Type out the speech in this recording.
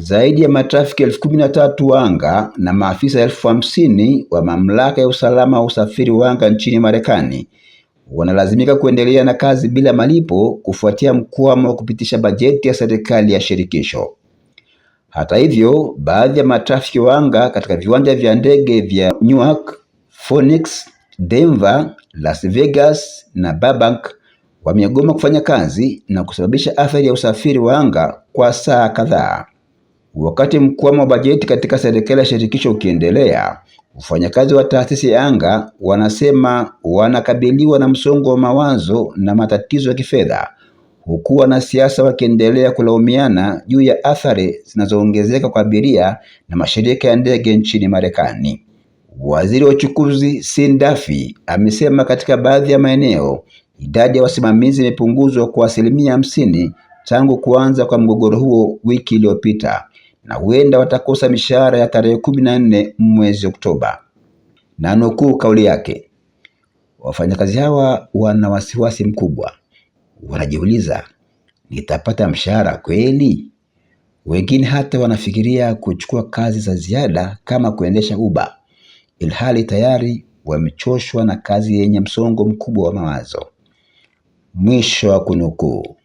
Zaidi ya matrafiki elfu kumi na tatu wa anga na maafisa elfu hamsini wa mamlaka ya usalama wa usafiri wa anga nchini Marekani wanalazimika kuendelea na kazi bila malipo kufuatia mkwamo wa kupitisha bajeti ya serikali ya shirikisho. Hata hivyo, baadhi ya matrafiki wa anga katika viwanja vya ndege vya Newark, Phoenix, Denver, Las Vegas na Burbank wamegoma kufanya kazi na kusababisha athari ya usafiri wa anga kwa saa kadhaa. Wakati mkwamo wa bajeti katika serikali ya shirikisho ukiendelea, wafanyakazi wa taasisi ya anga wanasema wanakabiliwa na msongo wa mawazo na matatizo ya kifedha, huku wanasiasa wakiendelea kulaumiana juu ya athari zinazoongezeka kwa abiria na mashirika ya ndege nchini Marekani. Waziri wa uchukuzi Sindafi amesema katika baadhi ya maeneo idadi ya wasimamizi imepunguzwa kwa asilimia hamsini tangu kuanza kwa mgogoro huo wiki iliyopita na huenda watakosa mishahara ya tarehe kumi na nne mwezi Oktoba. Na nukuu kauli yake, wafanyakazi hawa wana wasiwasi mkubwa, wanajiuliza nitapata mshahara kweli? Wengine hata wanafikiria kuchukua kazi za ziada kama kuendesha Uber, ilhali tayari wamechoshwa na kazi yenye msongo mkubwa wa mawazo. Mwisho wa kunukuu.